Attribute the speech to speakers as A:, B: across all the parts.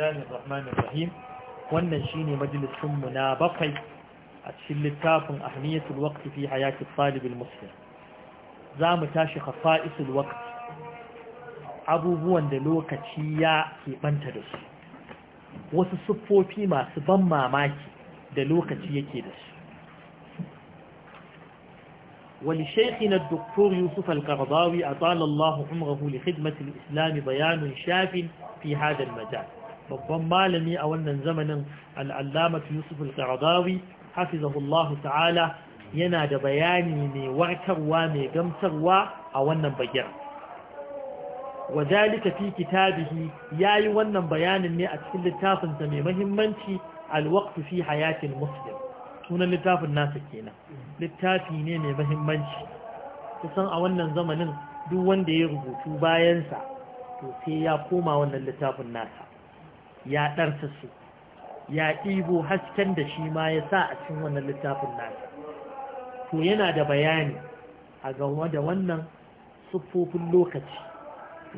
A: الله الرحمن الرحيم wannan shine majalisun mu na bakwai a cikin littafin ahmiyatul waqt fi hayati talib almuslim zamu tashi khafa'isul waqt abubuwan da lokaci ya ke banta da su wasu siffofi masu ban mamaki da lokaci yake da su ولشيخنا الدكتور يوسف القرضاوي أطال الله عمره لخدمة الإسلام بيان شاف في هذا المجال babban malami a wannan zamanin al'allamatu yusuf al-qaradawi hafizahullahu ta'ala yana da bayani mai warkarwa mai gamsarwa a wannan bayyana وذلك في ya yi wannan bayanin ne a cikin littafinsa mai muhimmanci al hayakin fi muslim sunan littafin nasa kenan littafi ne mai muhimmanci kusan a wannan zamanin duk wanda ya rubutu bayansa, to sai ya koma wannan littafin nasa ya ɗarsa su ya ɗibo hasken da shi ma ya sa a cin wannan littafin nasa to yana da bayani a gama da wannan siffofin lokaci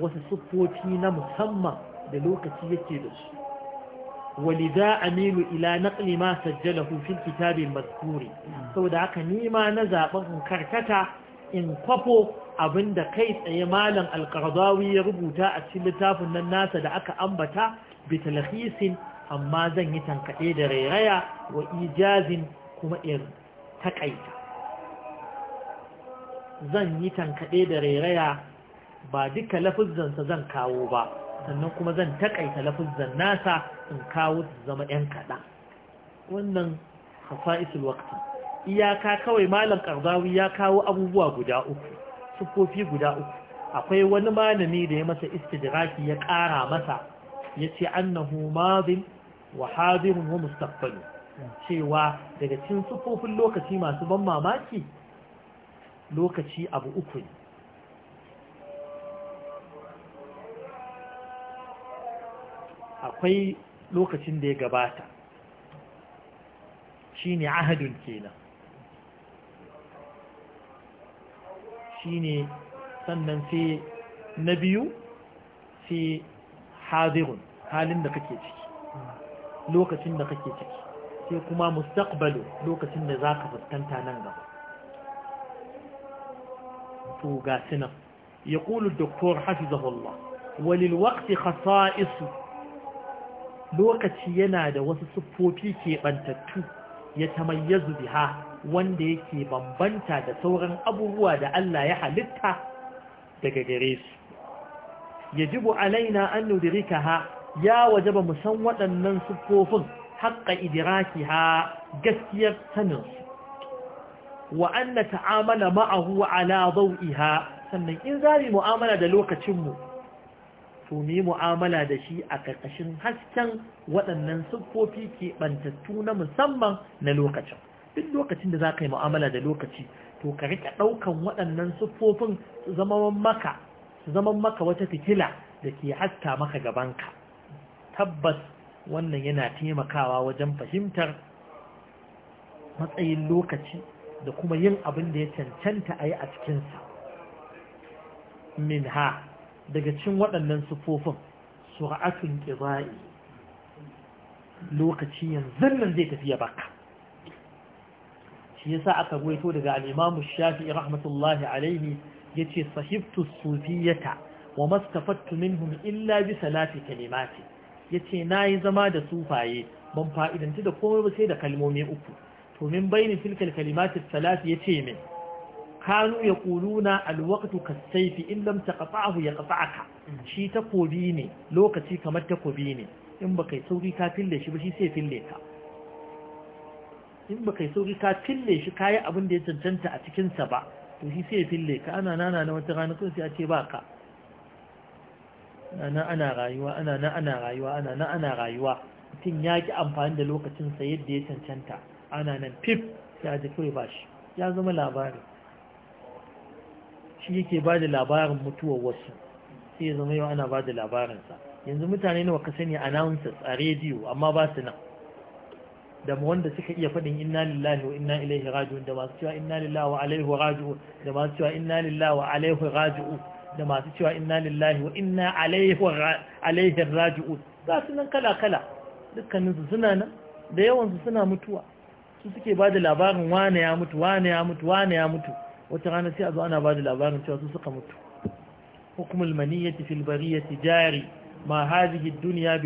A: wasu siffofi na musamman da lokaci yake da su walida Aminu ila naqli ma sajjalahu fil kitabil mazkuri saboda haka nima na zaben karkata in kwafo abin da kai tsaye malam alƙardawi ya rubuta a cikin littafin nan nasa da aka ambata bi talhisin amma zan yi tankaɗe da rairaya wa ijazin kuma in taƙaita zan yi tankaɗe da rairaya ba duka lafuzzansa zan kawo ba sannan kuma zan taƙaita lafuzzan nasa in kawo su zama ‘yan kaɗa wannan hafa isul iyaka kawai malam karzawi ya kawo abubuwa guda uku sufofi guda uku akwai wani malami da ya masa istidraki ya ƙara masa ya ce annahu mazin wa hazirun wa mustaqbal cewa daga cikin sufofin lokaci masu ban mamaki lokaci abu uku ne akwai lokacin da ya gabata Shi shine ahadun kenan shine sannan sai na biyu sai hadirun halin da kake ciki lokacin da kake ciki sai kuma mustaqbalu lokacin da za ka fuskanta nan gaba to ga sinan يقول الدكتور isu. Lokaci yana yana wasu wasu siffofi keɓantattu ya tamayyazu biha wanda yake bambanta da sauran abubuwa da Allah ya halitta daga gare su yajibu alaina an nudrikaha ya wajaba mu san waɗannan sufofin haqqa idrakiha gaskiyar sanin wa anna ta'amala ma'ahu ala dawiha sannan in zai mu'amala da lokacin mu to mu yi mu'amala da shi a ƙarƙashin hasken waɗannan siffofi ke ɓantattu na musamman na lokacin duk lokacin da za ka yi mu'amala da lokaci to ka riƙa ɗaukan waɗannan siffofin su zama maka su zama maka wata fitila da ke haska maka gabanka tabbas wannan yana taimakawa wajen fahimtar matsayin lokaci da kuma yin abin da ya cancanta a yi a cikinsa min ha daga cin waɗannan sufofin sura'atun ƙiba'i lokaci yanzu nan zai tafiya baka shi yasa aka gwaito daga al'imamu shafi rahmatullahi alaihi ya ce sahibtu sufiyata wa mastafattu minhum illa bi salati kalimati ya ce na yi zama da sufaye ban fa'idanci da komai ba sai da kalmomi uku to min bayanin kalimatin salafi salati ya ce min kanu ya kuluna alwaktu kasaifi in lam taqta'ahu yaqta'aka shi takobi ne lokaci kamar takobi ne in baka sauri ka fille shi ba shi sai fille ka in baka sauri ka fille shi kayi abin da ya cancanta a cikin sa ba to shi sai fille ka ana nana na wata rana kun sai a ce baka ana ana rayuwa ana na ana rayuwa ana na ana rayuwa mutum ya ki amfani da lokacin sa yadda ya cancanta ana nan pip sai a ji ba shi ya zama labarin. shi yake ba da labarin mutuwar wasu sai ya zama yau ana ba da labarinsa yanzu mutane nawa ka sani announcers a rediyo amma ba su nan da wanda suka iya faɗin inna lillahi wa inna ilaihi raji'un da masu cewa inna lillahi wa alaihi raji'un da masu cewa inna lillahi wa alaihi raji'un da masu cewa inna lillahi wa inna alaihi raji'un ba su nan kala kala dukkanin su suna nan da yawan su suna mutuwa su suke ba da labarin wane ya mutu wane ya mutu wane ya mutu wata rana sai a zo ana ba da labarin cewa su suka mutu hukumul maniyyati fil bariyati jari ma hadhihi dunya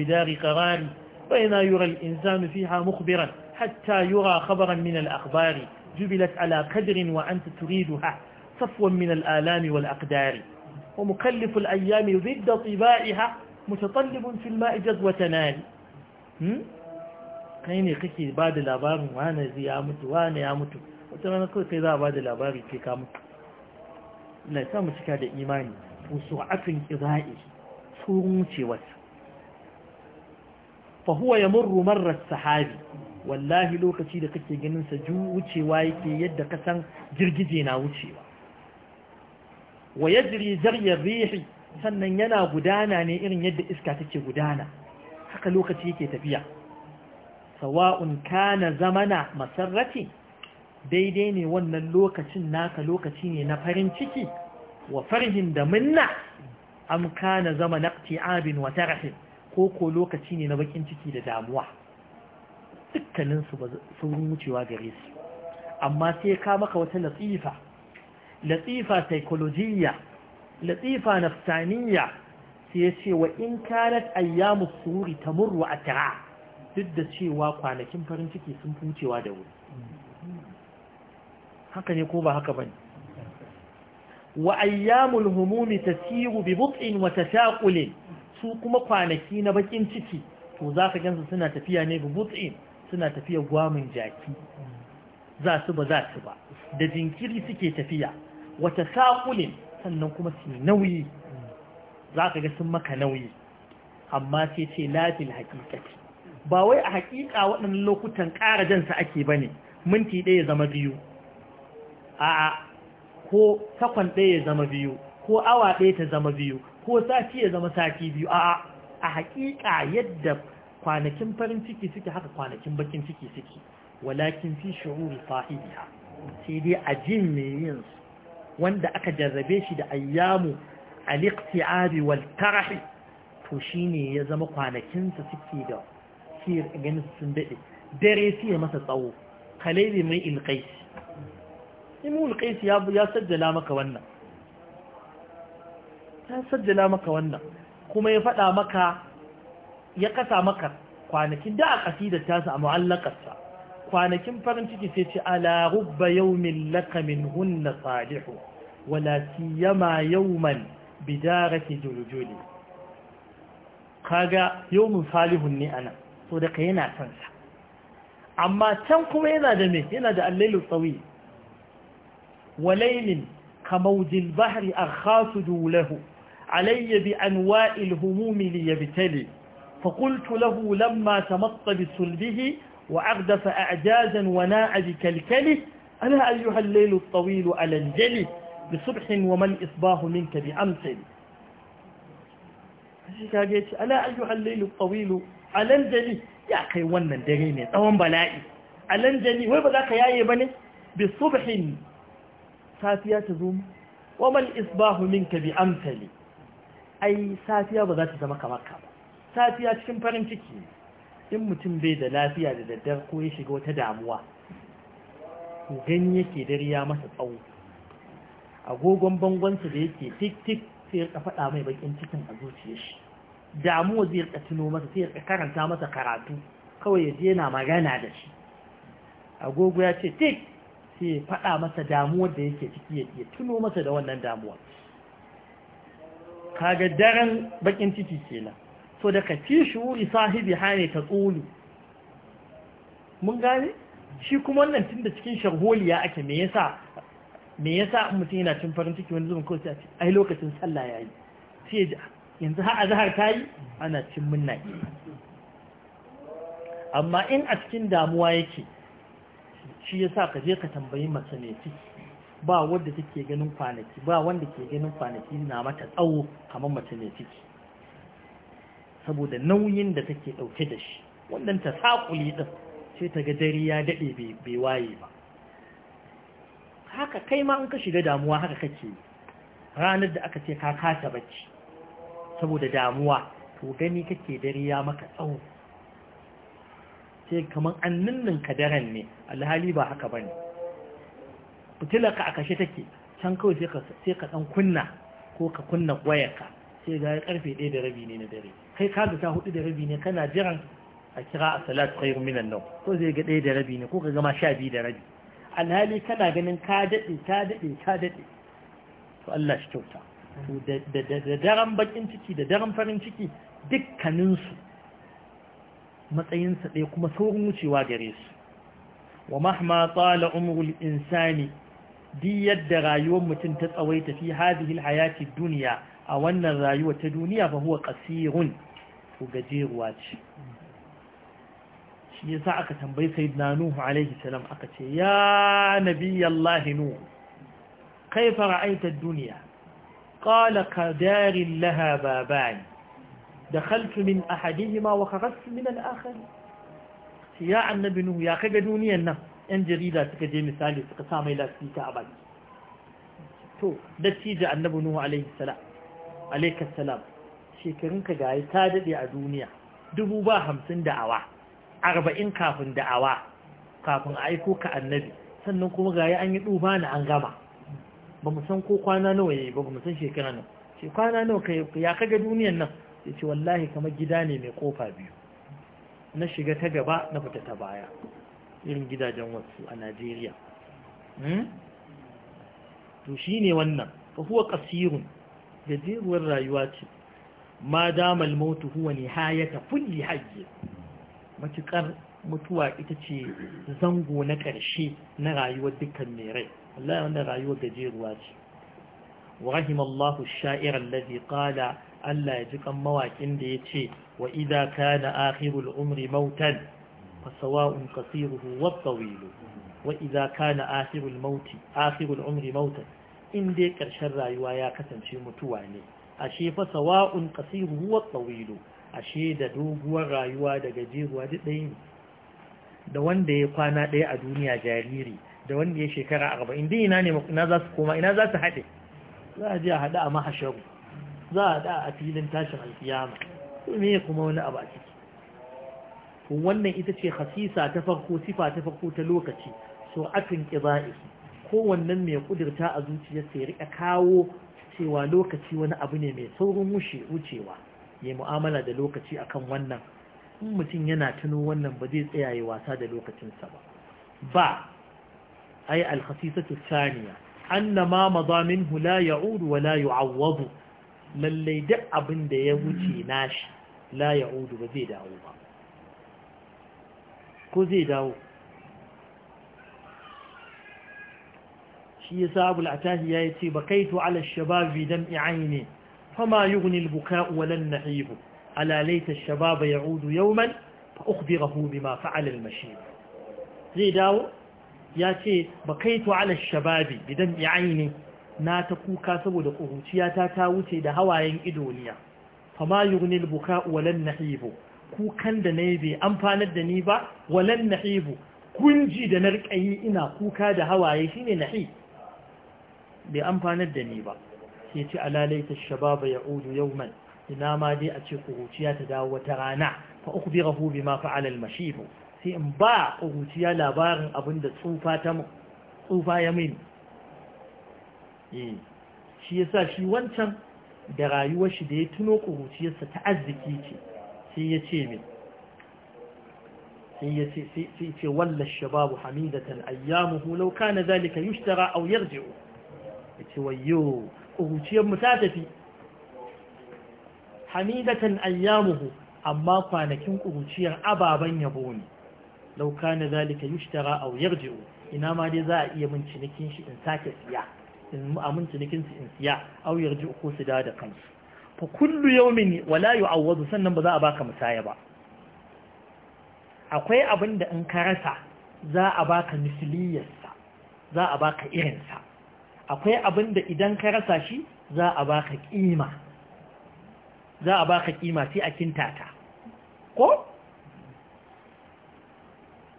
A: يرى الإنسان فيها مخبرا حتى يرى خبرا من الأخبار جبلت على قدر وأنت تريدها صفوا من الآلام والأقدار ومكلف الأيام ضد طبائها متطلب في الماء جذوة نال كيني قكي بعد الأبان وانا زي يامت وانا يامت wata rana kawai sai za a ba da labari ke kamu na sa mu cika da imani wasu afin ƙira'i tsoron wucewarsa fahuwa ya murru marar sahabi wallahi lokaci da kake ganin sa ju wucewa yake yadda ka san girgije na wucewa wa ya jiri zariyar rihi sannan yana gudana ne irin yadda iska take gudana haka lokaci yake tafiya sawa'un kana zamana masarrati daidai ne wannan lokacin naka lokaci ne na farin ciki wa farhin da minna am kana zama abin wa tarhin ko ko lokaci ne na bakin ciki da damuwa dukkanin su saurin wucewa gare su amma sai ka maka wata latifa latifa psychologiya latifa nafsaniya sai ya ce wa in kanat ayyamu suri a tara, duk da cewa kwanakin farin ciki sun fi wucewa da wuri haka ne ko ba haka bane wa ayyamul humumi tasiru bi bu'in wa tashaqul su kuma kwanaki na bakin ciki to zaka gansu suna tafiya ne bi bu'in suna tafiya gwamin jaki za su ba za su ba da jinkiri suke tafiya wa tashaqul sannan kuma su nauyi zaka ga sun maka nauyi amma sai ce lafil haqiqati ba wai a haƙiƙa waɗannan lokutan ƙara jansa ake bane minti ɗaya zama biyu a'a ko sakon ɗaya ya zama biyu ko awa ɗaya ta zama biyu ko sati ya zama sati biyu a'a a haƙiƙa yadda kwanakin farin ciki suke haka kwanakin bakin ciki suke walakin fi shu'uri sahibiha sai dai a jin mai yin wanda aka jarrabe shi da ayyamu al-iqti'abi wal tarahi to shine ya zama kwanakin sa suke da sir ganin sun dade dare sai masa tsawo kalaili mai ilqais imul qais ya ya sajjala maka wannan ya sajjala maka wannan kuma ya faɗa maka ya kasa maka kwanakin da a ta tasa a mu'allakarsa kwanakin farin ciki sai ce ala rubba yawmin laka min hunna salihu wala siyama yawman bidarati julujuli kaga yawmin salihun ne ana so da ka yana son amma can kuma yana da me yana da allailu tsawi وليل كموج البحر أخاف دوله علي بأنواء الهموم ليبتلي فقلت له لما تمط بسلبه وأغدف أعجازا وناع بكلكله ألا أيها الليل الطويل ألا انجلي بصبح وما الإصباح منك بأمثل ألا أيها الليل الطويل ألا انجلي يا أخي ونن دريني طوان بلائي ألا انجلي ويبقى ذاك يا يبني بصبح safiya ta zo wa mal isbahu minka bi amsali ai safiya ba za ta zama kamar ka ba safiya cikin farin ciki in mutum bai da lafiya da daddare ko ya shiga wata damuwa to gani yake dare ya masa tsawo agogon bangonsa da yake tik tik sai ya faɗa mai bakin cikin a zuciyar shi damuwa zai rika tuno masa sai ya karanta masa karatu kawai ya je yana magana da shi agogo ya ce tik sai ya faɗa masa damuwar da yake ciki ya tuno masa da wannan damuwar kaga daren bakin ciki kenan so da kafi shuri sahibi hane ta tsulu mun gane shi kuma wannan tun da cikin sharholiya ake me yasa me yasa mutum yana cin farin ciki wani zuwan kawai sai a ce ai lokacin sallah yayi sai ya yanzu har zahar ta yi ana cin munna amma in a cikin damuwa yake shi yasa ka je ka tambayi mace ne ciki ba wanda take ganin kwanaki ba wanda ke ganin kwanaki na mata tsawo kamar mace ne ciki saboda nauyin da take ɗauke da shi wannan ta sakuli din sai ta ga dare ya dade bai waye ba haka kai ma in ka shiga damuwa haka kake ranar da aka ce ka kasa bacci saboda damuwa to gani kake dare ya maka tsawo sai kamar an ka daren ne alhali ba haka ba ne ka a kashe take can kawai sai ka ɗan kunna ko ka kunna wayarka sai ga karfe ɗaya da rabi ne na dare kai ka ga ta hudu da rabi ne kana jiran a kira a salat khairun minan nau ko zai ga ɗaya da rabi ne ko ka gama sha biyu da rabi alhali kana ganin ka daɗe ka daɗe ka daɗe to Allah shi kyauta da daren bakin ciki da daren farin ciki dukkaninsu matsayinsa ɗaya kuma saurin wucewa gare su wa mahma la umrul insani di yadda rayuwar mutum ta tsawaita fi hadihil hayati duniya a wannan rayuwa ta duniya fa huwa qasirun to gajeruwa ce shi yasa aka tambayi sayyidina nuhu alaihi salam aka ce ya nabiyallahi nuhu kaifa ra'aita duniya kala ka qadarin laha babani dakhaltu min ahadihima wa kharajtu min al-akhar ya annabi nuhu ya kaga duniyar nan yan jarida suka je misali suka sa mai lasika a baki to dattijo annabi nuhu alaihi salam alaihi salam shekarun ka gayi ta dade a duniya dubu ba hamsin da'awa arba'in kafin da'awa kafin a aiko ka annabi sannan kuma gayi an yi duba na an gama ba mu san ko kwana nawa yayi ba mu san shekara nawa shi kwana nawa ya kaga duniyar nan ya ce wallahi kamar gida ne mai kofa biyu na shiga ta gaba na fita ta baya irin gidajen wasu a najeriya hmm? to shi ne wannan fa ƙasirun, gajeruwar rayuwa ce ma damal mautu huwa nihayata kulli hayy matukar mutuwa ita ce zango na ƙarshe na rayuwar dukkan mai rai wallahi wannan rayuwar gajeruwa ce wa rahimallahu sha'ir allazi ƙada. Allah ya ji kan mawakin da ya ce wa idza kana akhirul umri mautan fa sawa'un qasiruhu wa tawilu wa idza kana akhirul mauti akhirul umri mautan in dai karshen rayuwa ya kasance mutuwa ne ashe fa sawa'un qasiruhu wa tawilu ashe da doguwar rayuwa da gajeruwa duk ɗaya ne da wanda ya kwana ɗaya a duniya jariri da wanda ya shekara arba'in din ina ne na za su koma ina za su haɗe za a je a haɗu a mahasharu za a da a filin tashin alkiyama kuma wani abu a ciki wannan ita ce hasisa ta farko sifa ta farko ta lokaci so atun kiza'i kowannen mai ƙudurta a zuciyarsa ya rika kawo cewa lokaci wani abu ne mai saurin wucewa ya mu'amala da lokaci akan wannan in mutum yana tuno wannan ba zai tsaya wasa da lokacinsa ba ba ai alhasisatu saniya annama mazamin hula ya'udu wala ya'ud yu'awwadu lallai duk abin da ya wuce nashi la ya udu ba zai dawo ba ko zai dawo shi ya sa abu al'atahi ya yi ce ba kai to ala shababi dam i'aini fama yughni al-buka walan nahibu ala laita ash-shabab ya'udu yawman fa ukhbirahu bima fa'ala al-mashib zai dawo ya ce ba kai to ala shababi bidan i'aini na ta kuka saboda ƙuruciyata ta wuce da hawayen idoniya fama yughnil buka? walan nahibu kukan da nayi bai amfanar da ni ba walan nahibu kunji da na yi ina kuka da hawaye shine nahi bai amfanar da ni ba sai ce alalaita shababa udu yawman ina ma dai a ce ƙuruciya ta dawo wata rana fa ukhbirahu bima fa'ala al-mashib sai in ba ƙuruciya labarin abin da tsufa ta tsufa ya mini Eh, shi yasa shi wancan da rayuwar shi da ya tuno ƙuruciyarsa ta arziki ce sai ya ce mai sai ya ce wallar shababu hamidatan ayyamuhu lau kana zalika yushtara aw yarji'u yace wayyo ƙuruciyar mu ta tafi hamidatan ayyamuhu amma kwanakin ƙuruciyar ababen yabo ne lau kana zalika yushtara aw yarji'u ina ma dai za a iya min cinikin shi in sake siya in nikin su in siya auyar ji ko su da kansu fa kullu yawmin wala yu'awwadu sannan ba za a baka misaya ba akwai abin da in ka rasa za a baka misliyarsa za a baka irinsa akwai abin da idan ka rasa shi za a baka kima za a baka kima sai a kintata ko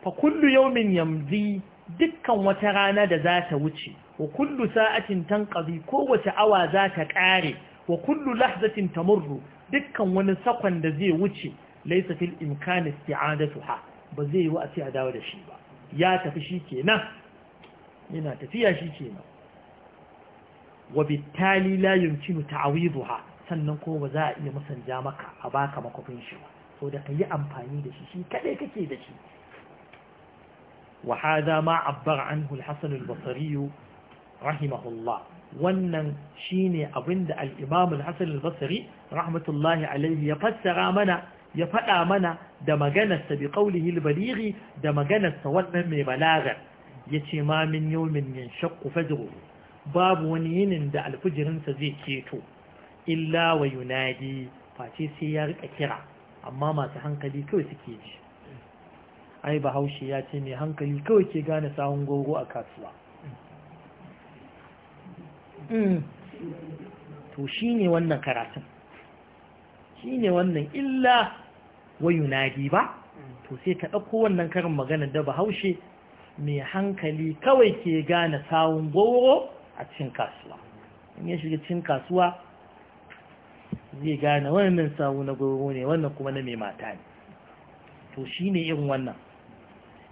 A: fa kullu yawmin yamzi dukkan wata rana da za ta wuce wa kullu sa'atin tanqadi kowace awa za ta ƙare, wa kullu lahzatin tamurru dukkan wani sakon da zai wuce laysa fil imkani isti'adatuha ba zai yi wa a a dawo da shi ba ya tafi shi kenan yana tafiya shi kenan wa bittali la yumkinu ta'widuha sannan ko ba za a iya masanja maka a baka makofin shi ba so da ka yi amfani da shi shi kaɗai kake da shi وهذا ما عبر عنه الحسن البصري رحمه الله wannan shine abinda al-Imam al-Hasan basri rahmatullahi alaihi ya fassara mana ya faɗa mana da maganarsa bi qawlihi al da maganarsa wannan mai balaga yace ma min yawmin yanshaqqu fajruhu babu wani yinin da alfijirinsa zai keto illa wa yunadi face sai ya rika kira amma masu hankali kawai suke ji ai bahaushe ya ce mai hankali kawai ke gane sahun gogo a kasuwa mm. to shi ne wannan karatun shi ne wannan illa wayu yunadi ba to sai ta ɗauko wannan karin magana da bahaushe mai hankali kawai ke gane sawun goro a cin kasuwa in ya shiga cin kasuwa zai gane wannan sahun na goro ne wannan kuma na mai mata ne to shi ne irin wannan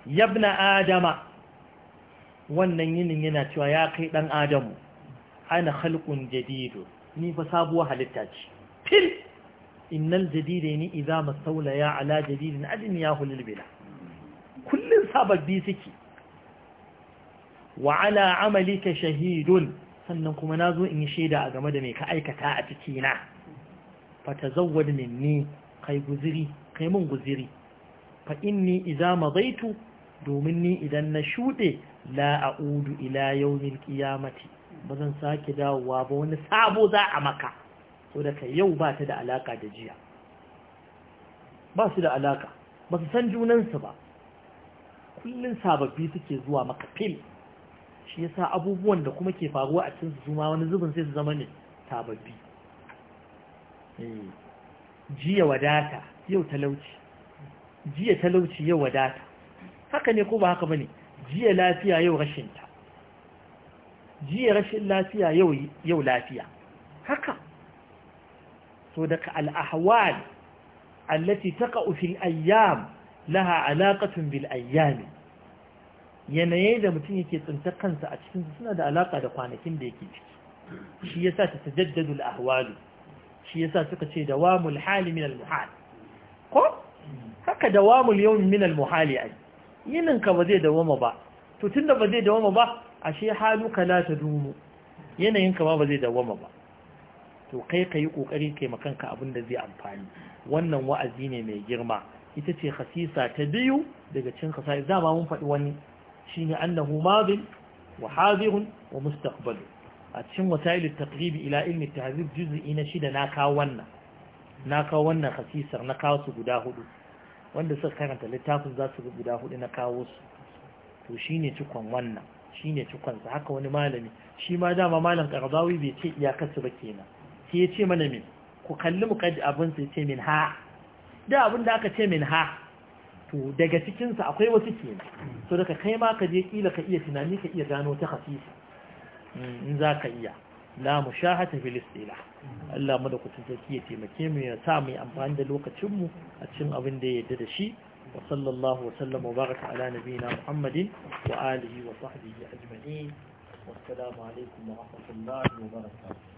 A: yabna adama wannan yinin yana cewa ya kai dan adamu ana khalqun jadidu ni fa sabuwa halitta ce fil innal jadida ni idza mastawla ya ala jadidin adin ya hulil bila kullun sababbi suke wa ala amalika shahidun sannan kuma nazo in yi shaida a game da me ka aikata a ciki na tazawwad minni kai guziri kai mun guziri fa inni idza madaitu domin ni idan na shuɗe la udu ila yawmin qiyamati ba zan sake dawowa ba wani sabo za a maka so da yau ba ta da alaka da jiya ba su da alaka ba su san junansu ba Kullum sababbi suke zuwa maka fil shi yasa abubuwan da kuma ke faruwa a cikin su ma wani zubin sai su zama ne sababbi eh. jiya wadata yau talauci jiya talauci yau wadata haka ne ko ba haka bane jiya lafiya yau rashinta, jiya rashin lafiya yau lafiya haka so daga al-ahwal allati taqa'u fil ayyam laha alaqatun bil ayyam yanayin da mutum yake tsinta kansa a cikin suna da alaƙa da kwanakin da yake ciki shi yasa ta tajaddadu al-ahwal shi yasa suka ce dawamul hali min al-muhal ko haka dawamul yawm min al-muhali ai yininka ba zai dawama ba to tunda ba zai dawama ba ashe haluka la dumu, yanayinka ma ba zai dawama ba to kai ka yi ƙoƙarin kanka abin da zai amfani wannan wa'azi ne mai girma ita ce khasisa ta biyu daga cin Za ba mun faɗi wani shi ne annahu madin wa hazirun wa mustaqbal a cikin wasailu taqribi ila ilmi tahzib juz'i na shida na kawo wannan na kawo wannan khasisar na kawo su guda hudu wanda suka karanta littafin za su guda hudu na kawo su to shi ne cikon wannan ne cikon su haka wani malami shi ma dama malam karzawi bai ce iyakarsu ba kenan sai ya ce mana min ku kalli mu kaji abin su ce min ha da abin da aka ce min ha to daga cikinsa akwai wasu kenan to daga kai ma ka je kila ka iya tunani ka iya gano ta hafisa hmm, in za ka iya na mushahata fil istilah Allah mu da ku ya taimake mu ya sa mu amfani da lokacin mu a cikin abin da ya yarda da shi wa sallallahu wa sallama wa baraka ala nabiyina Muhammadin wa alihi wa sahbihi ajma'in wassalamu alaikum wa rahmatullahi wa barakatuh